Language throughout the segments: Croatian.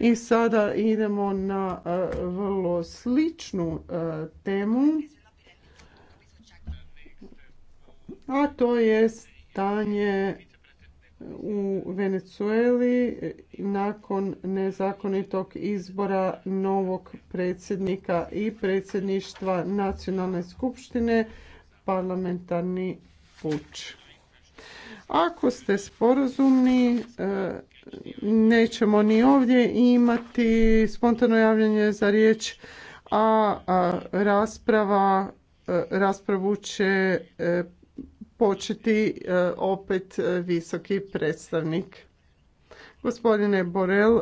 I sada idemo na e, vrlo sličnu e, temu, a to je stanje u Venecueli nakon nezakonitog izbora novog predsjednika i predsjedništva Nacionalne skupštine parlamentarni puč. Ako ste sporazumni, e, nećemo ni ovdje imati spontano javljanje za riječ, a rasprava, e, raspravu će e, početi e, opet visoki predstavnik. Gospodine Borel,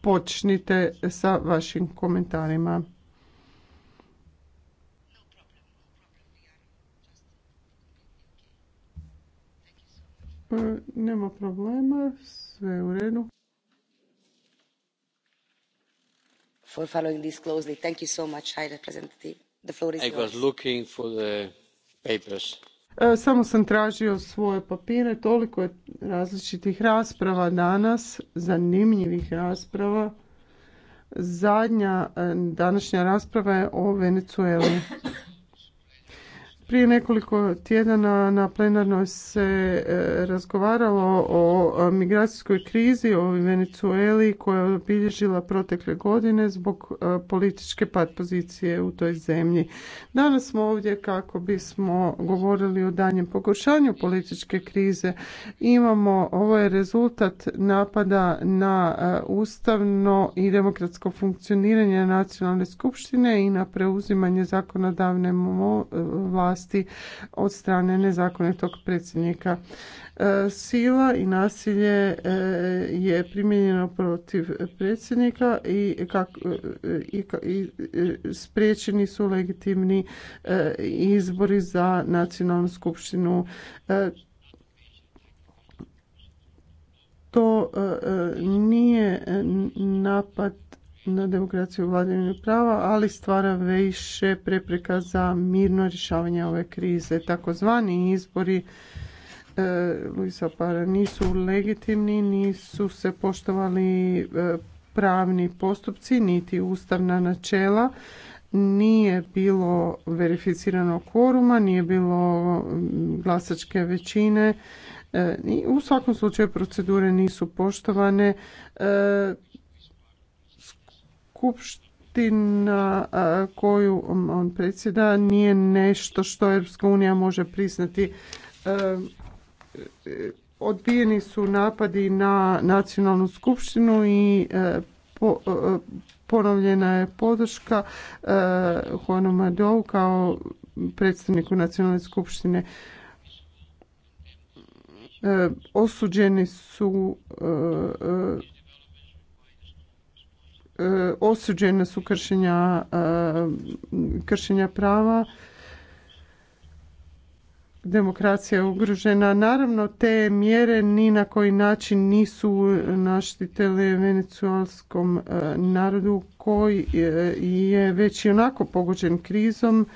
počnite sa vašim komentarima. Nema problema sve u redu. For following this closely. Thank you so much, High Representative. The floor is I was looking for the papers. E, samo sam tražio svoje papire, toliko je različitih rasprava danas, zanimljivih rasprava. Zadnja e, današnja rasprava je o Venecueli. Prije nekoliko tjedana na plenarnoj se e, razgovaralo o migracijskoj krizi u Venezueli koja je obilježila protekle godine zbog e, političke pat pozicije u toj zemlji. Danas smo ovdje kako bismo govorili o danjem pogoršanju političke krize. Imamo, ovo je rezultat napada na e, ustavno i demokratsko funkcioniranje nacionalne skupštine i na preuzimanje zakonodavne vlasti od strane nezakonitog predsjednika. E, sila i nasilje e, je primijenjeno protiv predsjednika i, e, i spriječeni su legitimni izbori za nacionalnu skupštinu to nije napad na demokraciju vladavine prava, ali stvara više prepreka za mirno rješavanje ove krize. Takozvani izbori e, Luisa Para nisu legitimni, nisu se poštovali e, pravni postupci, niti ustavna načela. Nije bilo verificirano koruma, nije bilo glasačke većine. E, u svakom slučaju procedure nisu poštovane skupština koju on predsjeda nije nešto što Europska unija može priznati. E, e, odbijeni su napadi na nacionalnu skupštinu i e, ponovljena je podrška Juanu Madou kao predstavniku nacionalne skupštine osuđeni su E, osuđena su kršenja, e, kršenja prava, demokracija je ugrožena. Naravno, te mjere ni na koji način nisu naštitele venecualskom e, narodu koji je već i onako pogođen krizom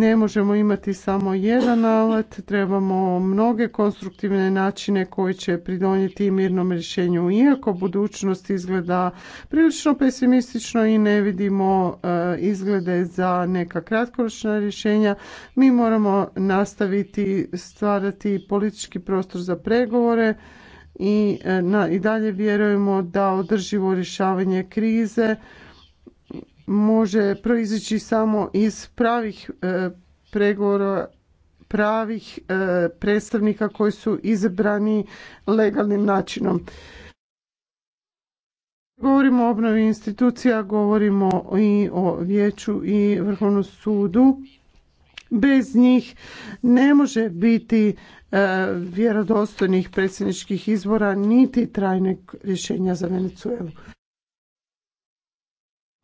ne možemo imati samo jedan alat, trebamo mnoge konstruktivne načine koji će pridonijeti mirnom rješenju. Iako budućnost izgleda prilično pesimistično i ne vidimo e, izglede za neka kratkoročna rješenja, mi moramo nastaviti stvarati politički prostor za pregovore i, e, i dalje vjerujemo da održivo rješavanje krize može proizići samo iz pravih e, pregovora pravih e, predstavnika koji su izabrani legalnim načinom. Govorimo o obnovi institucija, govorimo i o vijeću i Vrhovnom sudu. Bez njih ne može biti e, vjerodostojnih predsjedničkih izbora niti trajnog rješenja za Venecuelu.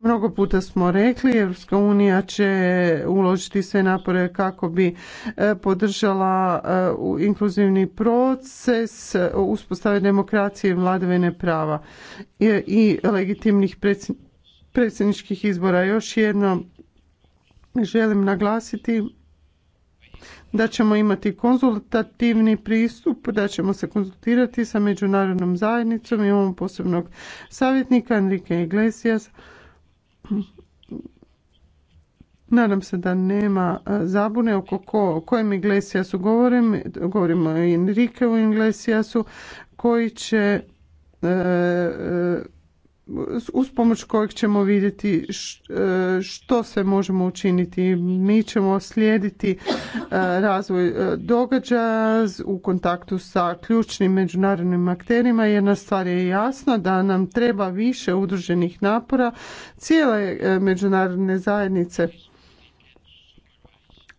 Mnogo puta smo rekli, Evropska unija će uložiti sve napore kako bi e, podržala e, inkluzivni proces e, uspostave demokracije i vladavine prava i legitimnih predsjedničkih izbora. Još jedno želim naglasiti da ćemo imati konzultativni pristup, da ćemo se konzultirati sa međunarodnom zajednicom, imamo posebnog savjetnika Enrique Iglesias, Nadam se da nema e, zabune oko ko, kojem Iglesijasu govorim. Govorimo o Enrique u Iglesijasu koji će e, e, uz pomoć kojeg ćemo vidjeti e, što sve možemo učiniti. Mi ćemo slijediti e, razvoj e, događaja u kontaktu sa ključnim međunarodnim akterima. Jedna stvar je jasna da nam treba više udruženih napora cijele međunarodne zajednice.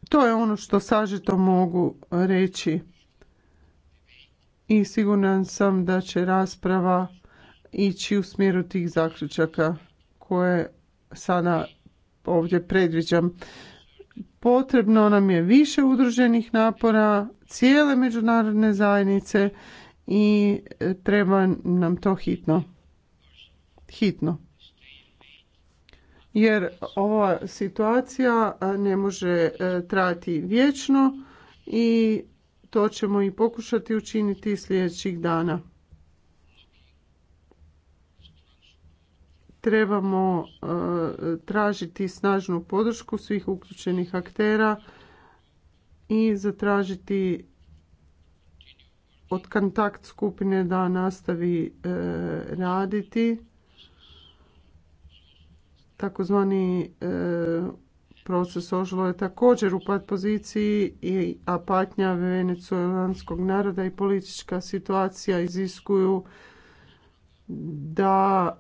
To je ono što sažito mogu reći i siguran sam da će rasprava ići u smjeru tih zaključaka koje sada ovdje predviđam. Potrebno nam je više udruženih napora, cijele međunarodne zajednice i treba nam to hitno. Hitno. Jer ova situacija ne može e, trajati vječno i to ćemo i pokušati učiniti sljedećih dana. trebamo e, tražiti snažnu podršku svih uključenih aktera i zatražiti od kontakt skupine da nastavi e, raditi takozvani e, proces ožilo je također u pat poziciji, i, a patnja venecuelanskog naroda i politička situacija iziskuju da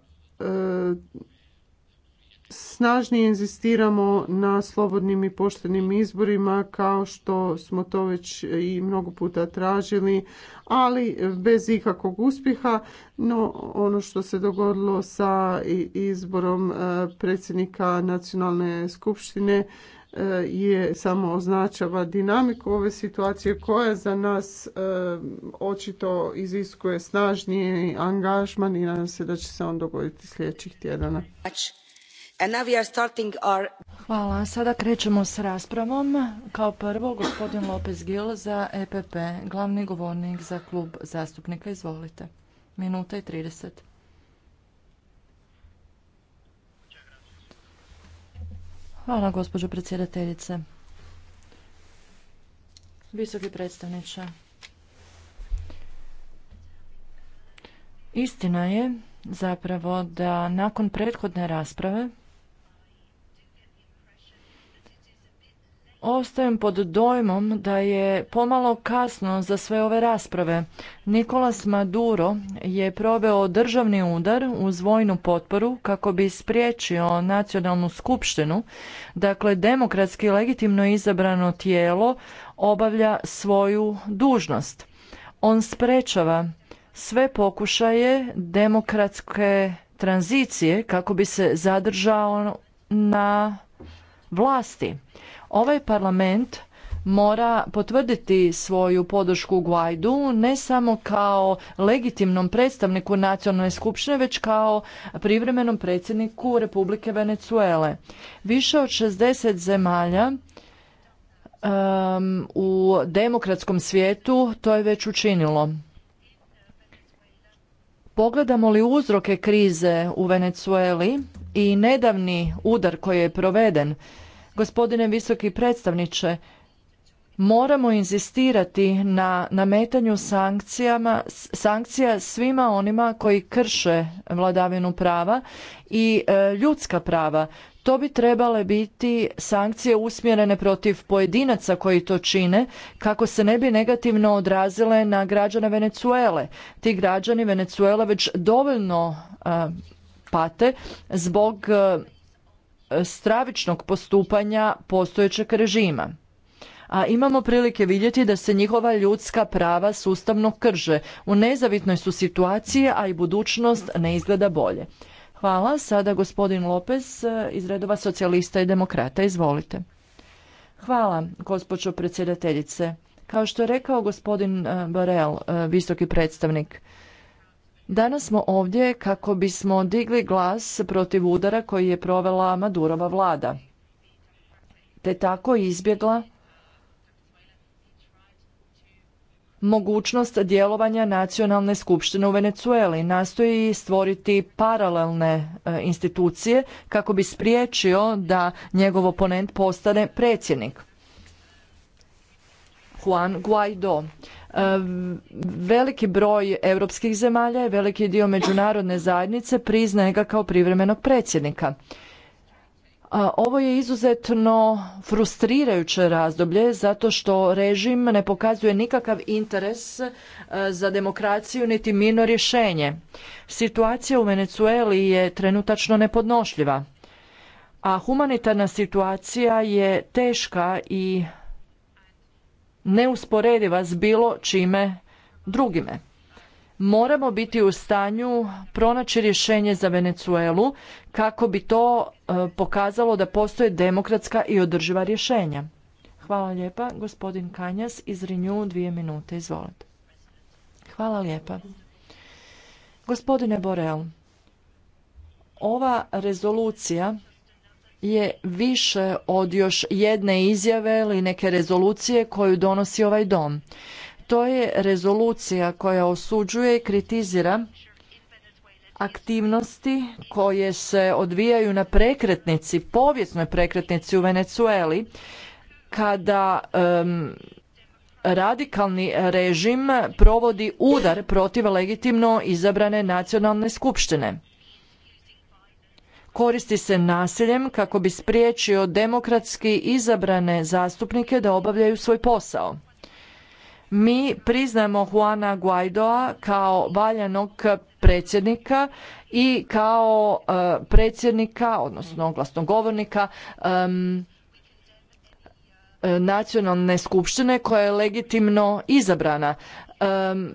snažnije inzistiramo na slobodnim i poštenim izborima kao što smo to već i mnogo puta tražili, ali bez ikakvog uspjeha. No, ono što se dogodilo sa izborom eh, predsjednika nacionalne skupštine E, je samo označava dinamiku ove situacije koja za nas e, očito iziskuje snažniji angažman i nadam se da će se on dogoditi sljedećih tjedana. Hvala. Sada krećemo s raspravom. Kao prvo, gospodin Lopez Gil za EPP, glavni govornik za klub zastupnika. Izvolite. Minuta i 30. Hvala, gospođo predsjedateljice. Visoki predstavniče. Istina je zapravo da nakon prethodne rasprave Ostajem pod dojmom da je pomalo kasno za sve ove rasprave. Nikolas Maduro je proveo državni udar uz vojnu potporu kako bi spriječio nacionalnu skupštinu. Dakle, demokratski legitimno izabrano tijelo obavlja svoju dužnost. On sprečava sve pokušaje demokratske tranzicije kako bi se zadržao na vlasti. Ovaj parlament mora potvrditi svoju podršku Guaidu ne samo kao legitimnom predstavniku nacionalne skupštine, već kao privremenom predsjedniku Republike Venecuele. Više od 60 zemalja um, u demokratskom svijetu to je već učinilo. Pogledamo li uzroke krize u Venecueli i nedavni udar koji je proveden, Gospodine visoki predstavniče, moramo inzistirati na nametanju sankcijama, sankcija svima onima koji krše vladavinu prava i e, ljudska prava. To bi trebale biti sankcije usmjerene protiv pojedinaca koji to čine kako se ne bi negativno odrazile na građane Venezuele. Ti građani Venezuele već dovoljno e, pate zbog e, stravičnog postupanja postojećeg režima a imamo prilike vidjeti da se njihova ljudska prava sustavno krže. U nezavitnoj su situaciji, a i budućnost ne izgleda bolje. Hvala. Sada gospodin Lopez e, iz redova socijalista i demokrata. Izvolite. Hvala, gospođo predsjedateljice. Kao što je rekao gospodin e, Barel, e, visoki predstavnik, Danas smo ovdje kako bismo digli glas protiv udara koji je provela Madurova vlada, te tako izbjegla mogućnost djelovanja Nacionalne skupštine u Venecueli. Nastoji stvoriti paralelne e, institucije kako bi spriječio da njegov oponent postane predsjednik. Juan Guaido. E, veliki broj europskih zemalja i veliki dio međunarodne zajednice priznaje ga kao privremenog predsjednika. E, ovo je izuzetno frustrirajuće razdoblje zato što režim ne pokazuje nikakav interes e, za demokraciju niti mino rješenje. Situacija u Venecueli je trenutačno nepodnošljiva, a humanitarna situacija je teška i neusporediva s bilo čime drugime. Moramo biti u stanju pronaći rješenje za Venezuelu kako bi to e, pokazalo da postoje demokratska i održiva rješenja. Hvala lijepa. Gospodin Kanjas iz dvije minute. Izvolite. Hvala lijepa. Gospodine Borel, ova rezolucija je više od još jedne izjave ili neke rezolucije koju donosi ovaj dom. To je rezolucija koja osuđuje i kritizira aktivnosti koje se odvijaju na prekretnici, povijesnoj prekretnici u Venecueli, kada radikalni režim provodi udar protiv legitimno izabrane nacionalne skupštine koristi se nasiljem kako bi spriječio demokratski izabrane zastupnike da obavljaju svoj posao. Mi priznajemo Juana Guaidoa kao valjanog predsjednika i kao eh, predsjednika, odnosno glasnogovornika um, E, nacionalne skupštine koja je legitimno izabrana. E,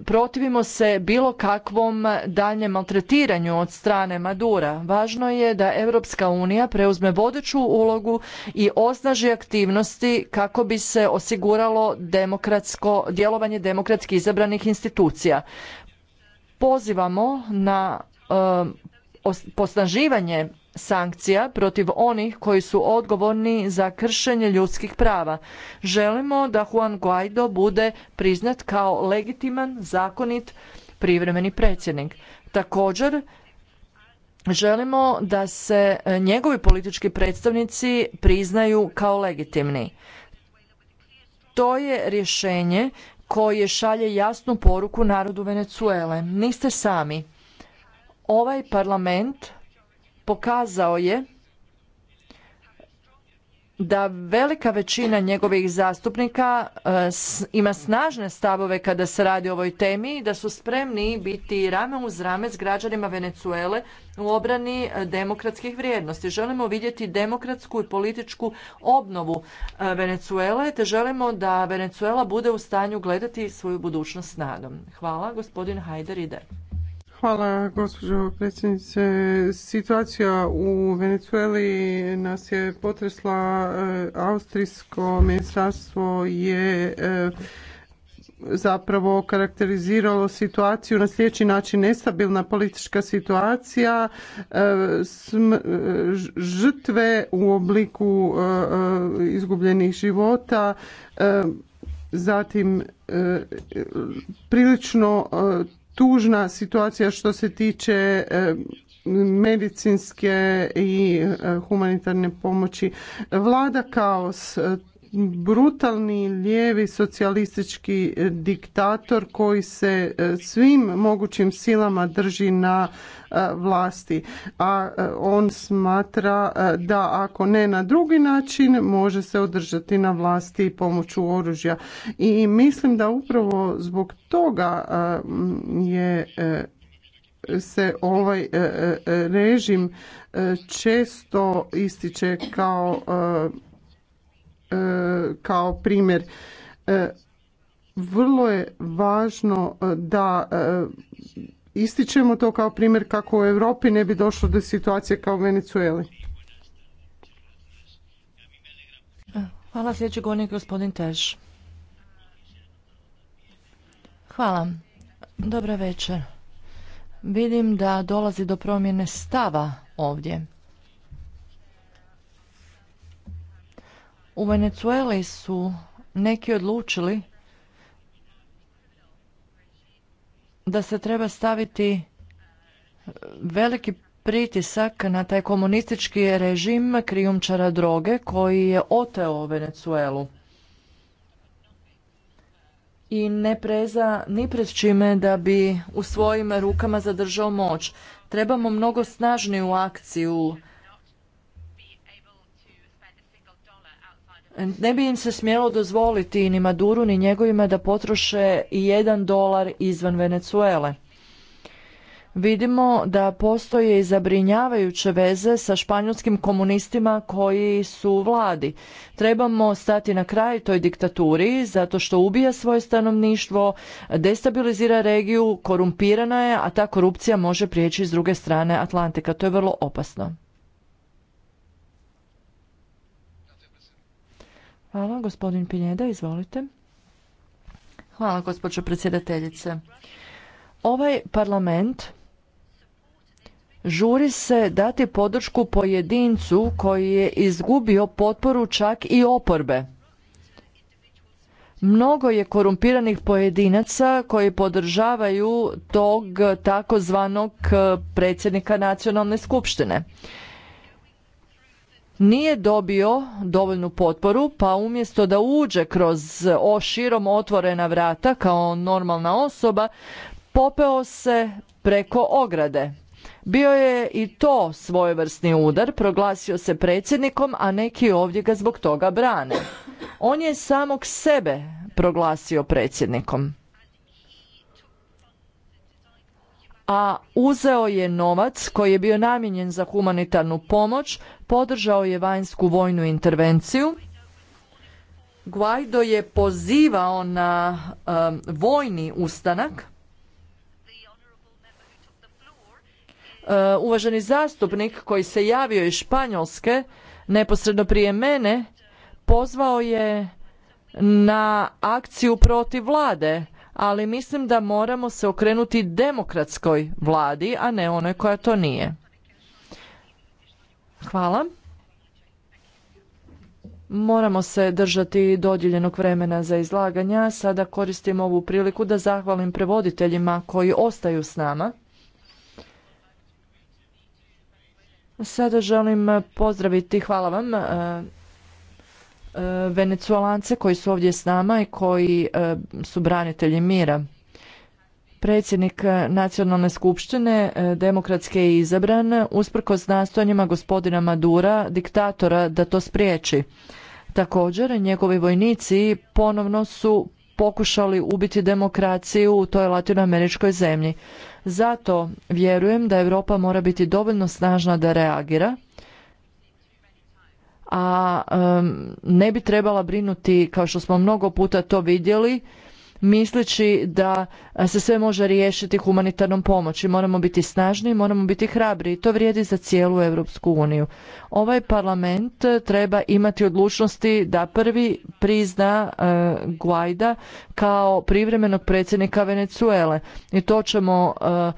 protivimo se bilo kakvom daljem maltretiranju od strane Madura. Važno je da Europska unija preuzme vodeću ulogu i osnaži aktivnosti kako bi se osiguralo demokratsko djelovanje demokratski izabranih institucija. Pozivamo na e, osnaživanje sankcija protiv onih koji su odgovorni za kršenje ljudskih prava. Želimo da Juan Guaido bude priznat kao legitiman, zakonit, privremeni predsjednik. Također, želimo da se njegovi politički predstavnici priznaju kao legitimni. To je rješenje koje šalje jasnu poruku narodu Venezuele. Niste sami. Ovaj parlament pokazao je da velika većina njegovih zastupnika e, ima snažne stavove kada se radi o ovoj temi i da su spremni biti rame uz rame s građanima Venezuele u obrani e, demokratskih vrijednosti. Želimo vidjeti demokratsku i političku obnovu e, Venecuele te želimo da Venecuela bude u stanju gledati svoju budućnost snagom. nadom. Hvala, gospodin Hajder ide. Hvala gospođo predsjednice. Situacija u Venezueli nas je potresla. E, austrijsko ministarstvo je e, zapravo karakteriziralo situaciju na sljedeći način nestabilna politička situacija, e, žrtve u obliku izgubljenih života, zatim prilično tužna situacija što se tiče eh, medicinske i eh, humanitarne pomoći vlada kaos eh, brutalni lijevi socijalistički diktator koji se e, svim mogućim silama drži na e, vlasti. A e, on smatra da ako ne na drugi način može se održati na vlasti i pomoću oružja. I mislim da upravo zbog toga je se ovaj režim često ističe kao E, kao primjer. E, vrlo je važno e, da ističemo to kao primjer kako u Europi ne bi došlo do situacije kao u Venecueli. Hvala, sljedeći govornik gospodin Tež. Hvala. Dobra večer. Vidim da dolazi do promjene stava ovdje. U Venezueli su neki odlučili da se treba staviti e, veliki pritisak na taj komunistički režim krijumčara droge koji je oteo Venezuelu i ne preza ni pred čime da bi u svojim rukama zadržao moć. Trebamo mnogo snažniju akciju Ne bi im se smjelo dozvoliti ni Maduru ni njegovima da potroše i jedan dolar izvan Venecuele. Vidimo da postoje i zabrinjavajuće veze sa španjolskim komunistima koji su u vladi. Trebamo stati na kraj toj diktaturi zato što ubija svoje stanovništvo, destabilizira regiju, korumpirana je, a ta korupcija može prijeći s druge strane Atlantika. To je vrlo opasno. Hvala. Gospodin Pinjeda, izvolite. Hvala, gospođo predsjedateljice. Ovaj parlament žuri se dati podršku pojedincu koji je izgubio potporu čak i oporbe. Mnogo je korumpiranih pojedinaca koji podržavaju tog takozvanog predsjednika nacionalne skupštine nije dobio dovoljnu potporu pa umjesto da uđe kroz o širom otvorena vrata kao normalna osoba popeo se preko ograde. Bio je i to svojevrsni udar, proglasio se predsjednikom, a neki ovdje ga zbog toga brane. On je samog sebe proglasio predsjednikom. a uzeo je novac koji je bio namijenjen za humanitarnu pomoć, podržao je vanjsku vojnu intervenciju. Guaido je pozivao na um, vojni ustanak. Uh, uvaženi zastupnik koji se javio iz Španjolske neposredno prije mene pozvao je na akciju protiv vlade ali mislim da moramo se okrenuti demokratskoj vladi, a ne onoj koja to nije. Hvala. Moramo se držati dodjeljenog vremena za izlaganja. Sada koristim ovu priliku da zahvalim prevoditeljima koji ostaju s nama. Sada želim pozdraviti, hvala vam, E, ...venecualance koji su ovdje s nama i koji e, su branitelji mira. Predsjednik Nacionalne skupštine e, demokratski je izabran usprkos nastojanjima gospodina Madura, diktatora, da to spriječi. Također, njegovi vojnici ponovno su pokušali ubiti demokraciju u toj latinoameričkoj zemlji. Zato vjerujem da Europa mora biti dovoljno snažna da reagira a ne bi trebala brinuti kao što smo mnogo puta to vidjeli misleći da se sve može riješiti humanitarnom pomoći. Moramo biti snažni, moramo biti hrabri i to vrijedi za cijelu Europsku uniju. Ovaj parlament treba imati odlučnosti da prvi prizna e, Guajda kao privremenog predsjednika Venezuele i to ćemo e, e,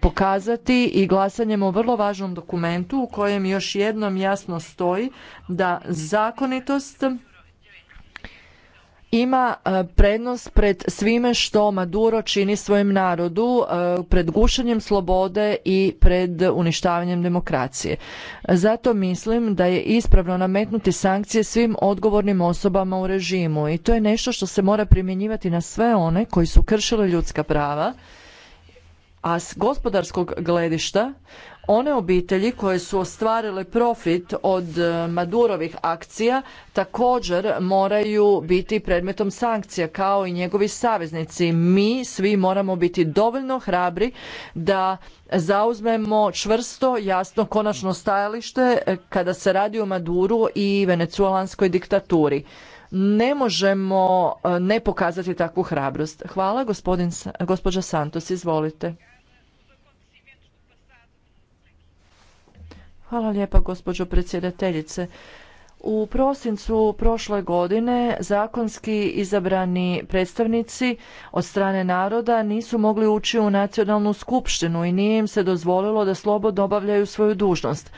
pokazati i glasanjem o vrlo važnom dokumentu u kojem još jednom jasno stoji da zakonitost ima e, prednost pred svime što Maduro čini svojem narodu, e, pred gušenjem slobode i pred uništavanjem demokracije. Zato mislim da je ispravno nametnuti sankcije svim odgovornim osobama u režimu i to je nešto što se mora primjenjivati na sve one koji su kršili ljudska prava a s gospodarskog gledišta one obitelji koje su ostvarile profit od e, Madurovih akcija također moraju biti predmetom sankcija kao i njegovi saveznici. Mi svi moramo biti dovoljno hrabri da zauzmemo čvrsto, jasno, konačno stajalište e, kada se radi o Maduru i Venezuelanskoj diktaturi. Ne možemo e, ne pokazati takvu hrabrost. Hvala, gospodin, gospođa Santos, izvolite. Hvala lijepa gospođo predsjedateljice. U prosincu prošle godine zakonski izabrani predstavnici od strane naroda nisu mogli ući u nacionalnu skupštinu i nije im se dozvolilo da slobodno obavljaju svoju dužnost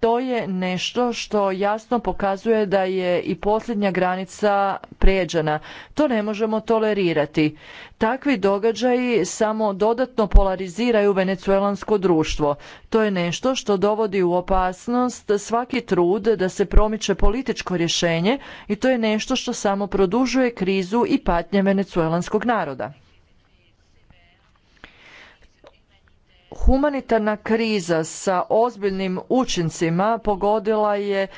to je nešto što jasno pokazuje da je i posljednja granica prijeđena. To ne možemo tolerirati. Takvi događaji samo dodatno polariziraju venecuelansko društvo. To je nešto što dovodi u opasnost svaki trud da se promiče političko rješenje i to je nešto što samo produžuje krizu i patnje venecuelanskog naroda. Humanitarna kriza sa ozbiljnim učincima pogodila je e,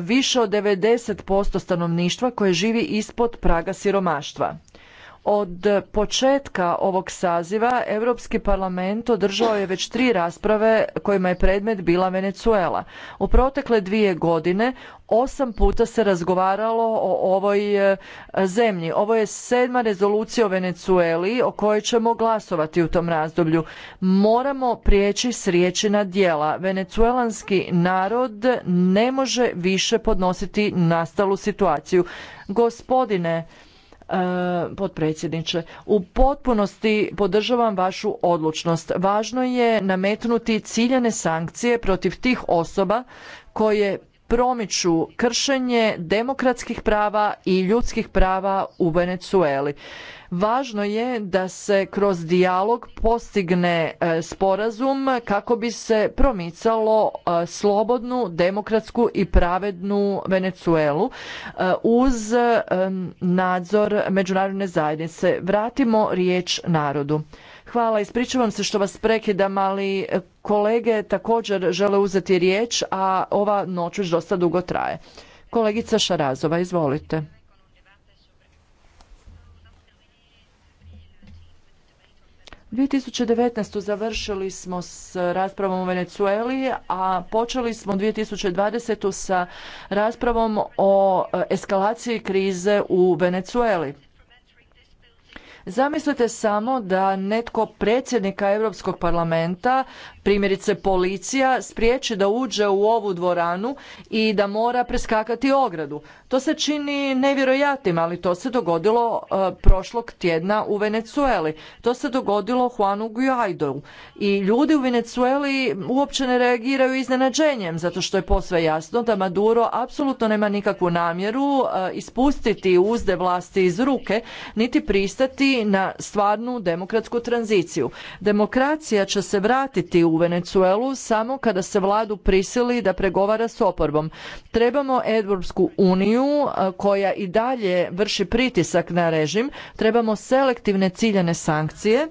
više od 90% stanovništva koje živi ispod praga siromaštva. Od početka ovog saziva Europski parlament održao je već tri rasprave kojima je predmet bila Venezuela. U protekle dvije godine osam puta se razgovaralo o ovoj e, zemlji. Ovo je sedma rezolucija o Venezueli o kojoj ćemo glasovati u tom razdoblju. Moramo prijeći s riječi na djela. Venezuelanski narod ne može više podnositi nastalu situaciju. Gospodine E, potpredsjedniče. U potpunosti podržavam vašu odlučnost. Važno je nametnuti ciljane sankcije protiv tih osoba koje promiču kršenje demokratskih prava i ljudskih prava u Venezueli. Važno je da se kroz dijalog postigne e, sporazum kako bi se promicalo e, slobodnu, demokratsku i pravednu Venezuelu e, uz nadzor međunarodne zajednice. Vratimo riječ narodu. Hvala, ispričavam se što vas prekidam, ali kolege također žele uzeti riječ, a ova noć već dosta dugo traje. Kolegica Šarazova, izvolite. 2019. završili smo s raspravom o Venecueli, a počeli smo 2020. sa raspravom o e, eskalaciji krize u Venecueli. Zamislite samo da netko predsjednika Europskog parlamenta, primjerice policija, spriječi da uđe u ovu dvoranu i da mora preskakati ogradu. To se čini nevjerojatnim, ali to se dogodilo e, prošlog tjedna u Venezueli. To se dogodilo Juanu Guaidou I ljudi u Venezueli uopće ne reagiraju iznenađenjem, zato što je posve jasno da Maduro apsolutno nema nikakvu namjeru e, ispustiti uzde vlasti iz ruke, niti pristati na stvarnu demokratsku tranziciju. Demokracija će se vratiti u Venezuelu samo kada se vladu prisili da pregovara s oporbom. Trebamo Europsku uniju koja i dalje vrši pritisak na režim, trebamo selektivne ciljane sankcije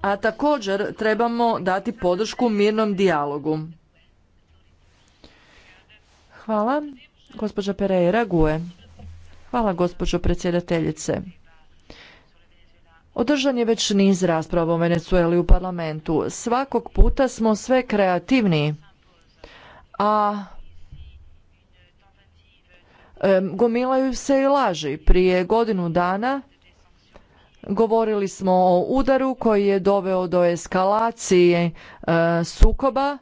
a također trebamo dati podršku mirnom dijalogu. Hvala. Gospođa Pereira Gue. Hvala gospođo predsjedateljice. Održan je već niz rasprava o Venezueli u parlamentu. Svakog puta smo sve kreativni, a gomilaju se i laži. Prije godinu dana govorili smo o udaru koji je doveo do eskalacije e, sukoba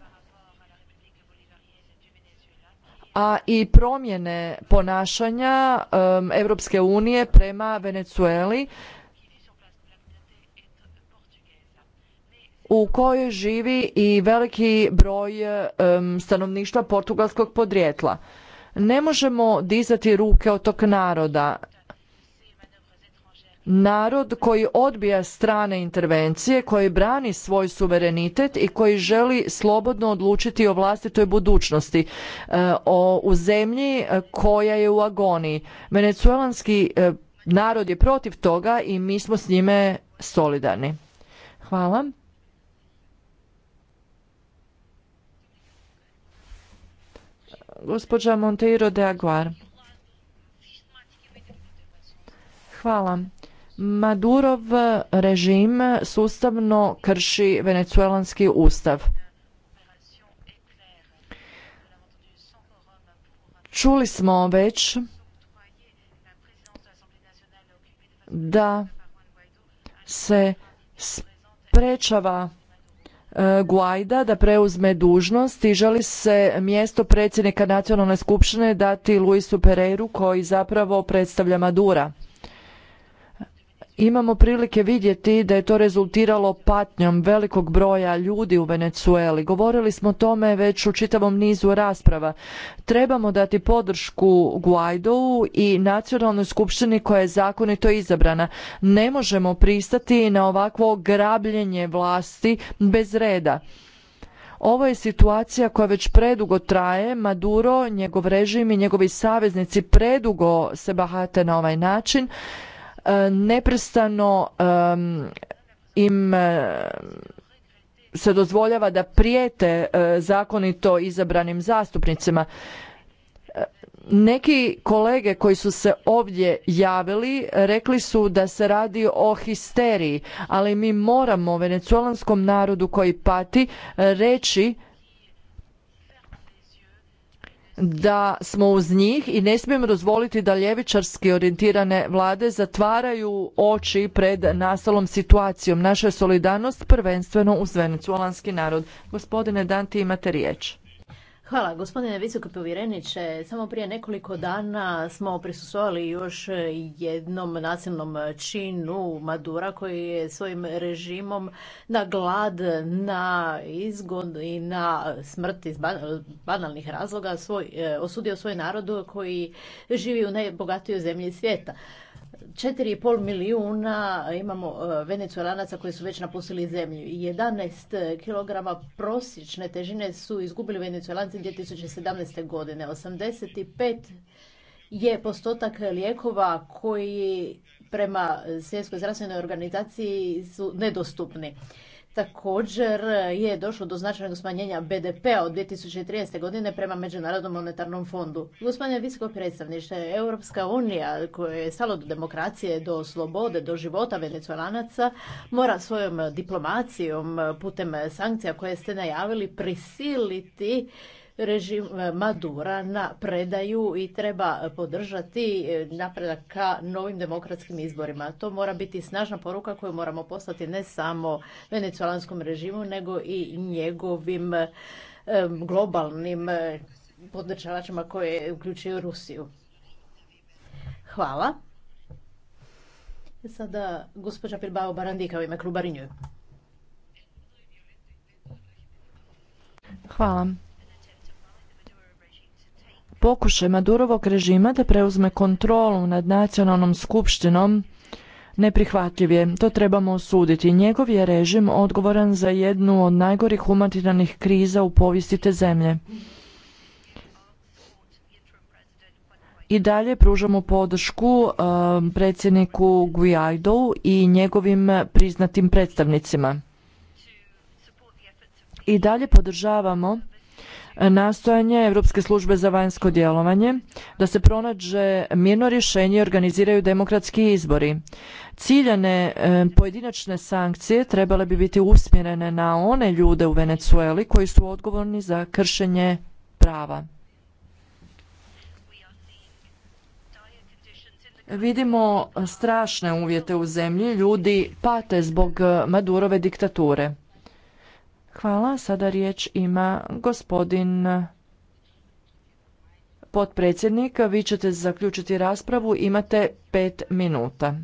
a i promjene ponašanja Europske unije prema Venezueli u kojoj živi i veliki broj stanovništva portugalskog podrijetla. Ne možemo dizati ruke od tog naroda, narod koji odbija strane intervencije, koji brani svoj suverenitet i koji želi slobodno odlučiti o vlastitoj budućnosti, e, o, u zemlji e, koja je u agoniji. Venezuelanski e, narod je protiv toga i mi smo s njime solidarni. Hvala. Monteiro de Aguar. Hvala. Madurov režim sustavno krši venecuelanski ustav. Čuli smo već da se sprečava e, Guajda da preuzme dužnost i želi se mjesto predsjednika nacionalne skupštine dati Luisu Pereiru koji zapravo predstavlja Madura imamo prilike vidjeti da je to rezultiralo patnjom velikog broja ljudi u Venezueli. Govorili smo o tome već u čitavom nizu rasprava. Trebamo dati podršku Guaidou i nacionalnoj skupštini koja je zakonito izabrana. Ne možemo pristati na ovakvo grabljenje vlasti bez reda. Ovo je situacija koja već predugo traje. Maduro, njegov režim i njegovi saveznici predugo se bahate na ovaj način E, neprestano im e, se dozvoljava da prijete e, zakonito izabranim zastupnicima. Neki kolege koji su se ovdje javili rekli su da se radi o histeriji, ali mi moramo venecuelanskom narodu koji pati reći da smo uz njih i ne smijemo dozvoliti da ljevičarski orijentirane vlade zatvaraju oči pred nastalom situacijom. Naša je solidarnost prvenstveno uz Venezuelanski narod. Gospodine Danti, imate riječ. Hvala, gospodine visoki povjereniče. Samo prije nekoliko dana smo prisustvovali još jednom nasilnom činu Madura koji je svojim režimom na glad, na izgon i na smrt iz banalnih razloga svoj, e, osudio svoj narod koji živi u najbogatijoj zemlji svijeta. 4,5 milijuna imamo e, venecuelanaca koji su već napustili zemlju. 11 kilograma prosječne težine su izgubili venecuelanci 2017. godine. 85 je postotak lijekova koji prema Svjetskoj zdravstvenoj organizaciji su nedostupni. Također je došlo do značajnog smanjenja BDP-a od 2013. godine prema Međunarodnom monetarnom fondu. Gospodine visoko predstavniče, Europska unija koja je stalo do demokracije, do slobode, do života venecuelanaca, mora svojom diplomacijom putem sankcija koje ste najavili prisiliti režim e, Madura na predaju i treba podržati e, napredak ka novim demokratskim izborima. To mora biti snažna poruka koju moramo poslati ne samo venecualanskom režimu, nego i njegovim e, globalnim podržavačima koje uključuju Rusiju. Hvala. Sada gospođa Pirbao Barandika u ime kluba Hvala. Pokušaj Madurovog režima da preuzme kontrolu nad nacionalnom skupštinom neprihvatljiv je. To trebamo osuditi. Njegov je režim odgovoran za jednu od najgorih humanitarnih kriza u povijesti te zemlje. I dalje pružamo podršku um, predsjedniku Guaidou i njegovim priznatim predstavnicima. I dalje podržavamo nastojanje Europske službe za vanjsko djelovanje da se pronađe mirno rješenje i organiziraju demokratski izbori. Ciljane e, pojedinačne sankcije trebale bi biti usmjerene na one ljude u Venezueli koji su odgovorni za kršenje prava. Vidimo strašne uvjete u zemlji, ljudi pate zbog Madurove diktature. Hvala. Sada riječ ima gospodin potpredsjednik. Vi ćete zaključiti raspravu. Imate pet minuta.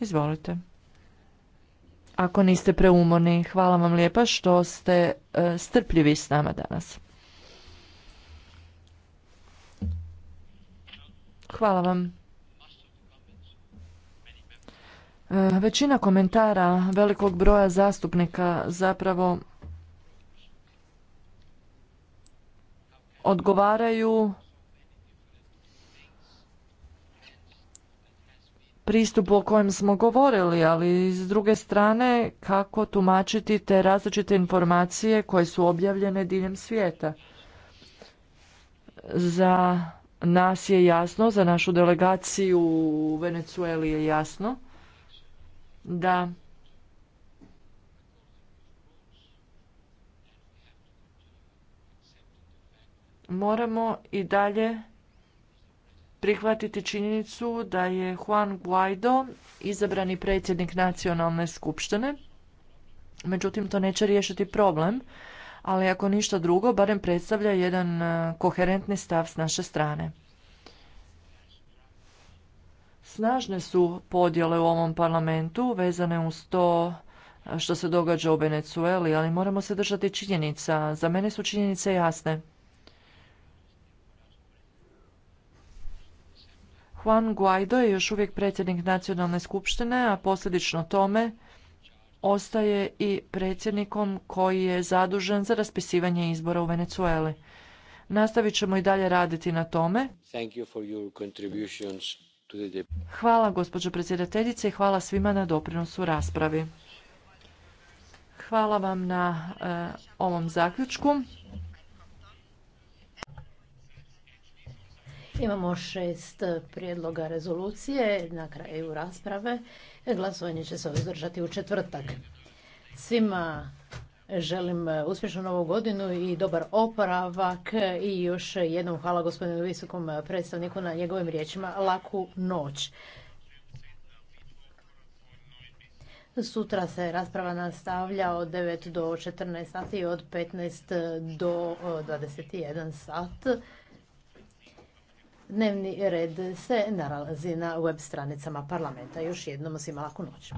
Izvolite. Ako niste preumorni, hvala vam lijepa što ste e, strpljivi s nama danas. Hvala vam. Eh, većina komentara velikog broja zastupnika zapravo odgovaraju pristupu o kojem smo govorili, ali s druge strane kako tumačiti te različite informacije koje su objavljene diljem svijeta. Za nas je jasno, za našu delegaciju u Venecueli je jasno da moramo i dalje prihvatiti činjenicu da je Juan Guaido izabrani predsjednik nacionalne skupštine. Međutim, to neće riješiti problem, ali ako ništa drugo, barem predstavlja jedan eh, koherentni stav s naše strane. Snažne su podjele u ovom parlamentu vezane uz to što se događa u Venecueli, ali moramo se držati činjenica. Za mene su činjenice jasne. Juan Guaido je još uvijek predsjednik Nacionalne skupštine, a posljedično tome ostaje i predsjednikom koji je zadužen za raspisivanje izbora u Venecueli. Nastavit ćemo i dalje raditi na tome. Hvala gospođo predsjedateljice i hvala svima na doprinosu raspravi. Hvala vam na eh, ovom zaključku. Imamo šest prijedloga rezolucije na kraju rasprave. Glasovanje će se održati u četvrtak. Svima želim e, uspješnu novu godinu i dobar oporavak i još jednom hvala gospodinu visokom e, predstavniku na njegovim riječima laku noć. Sutra se rasprava nastavlja od 9 do 14 sati i od 15 do 21 e, sat. Dnevni red se nalazi na web stranicama parlamenta. Još jednom svima laku noć.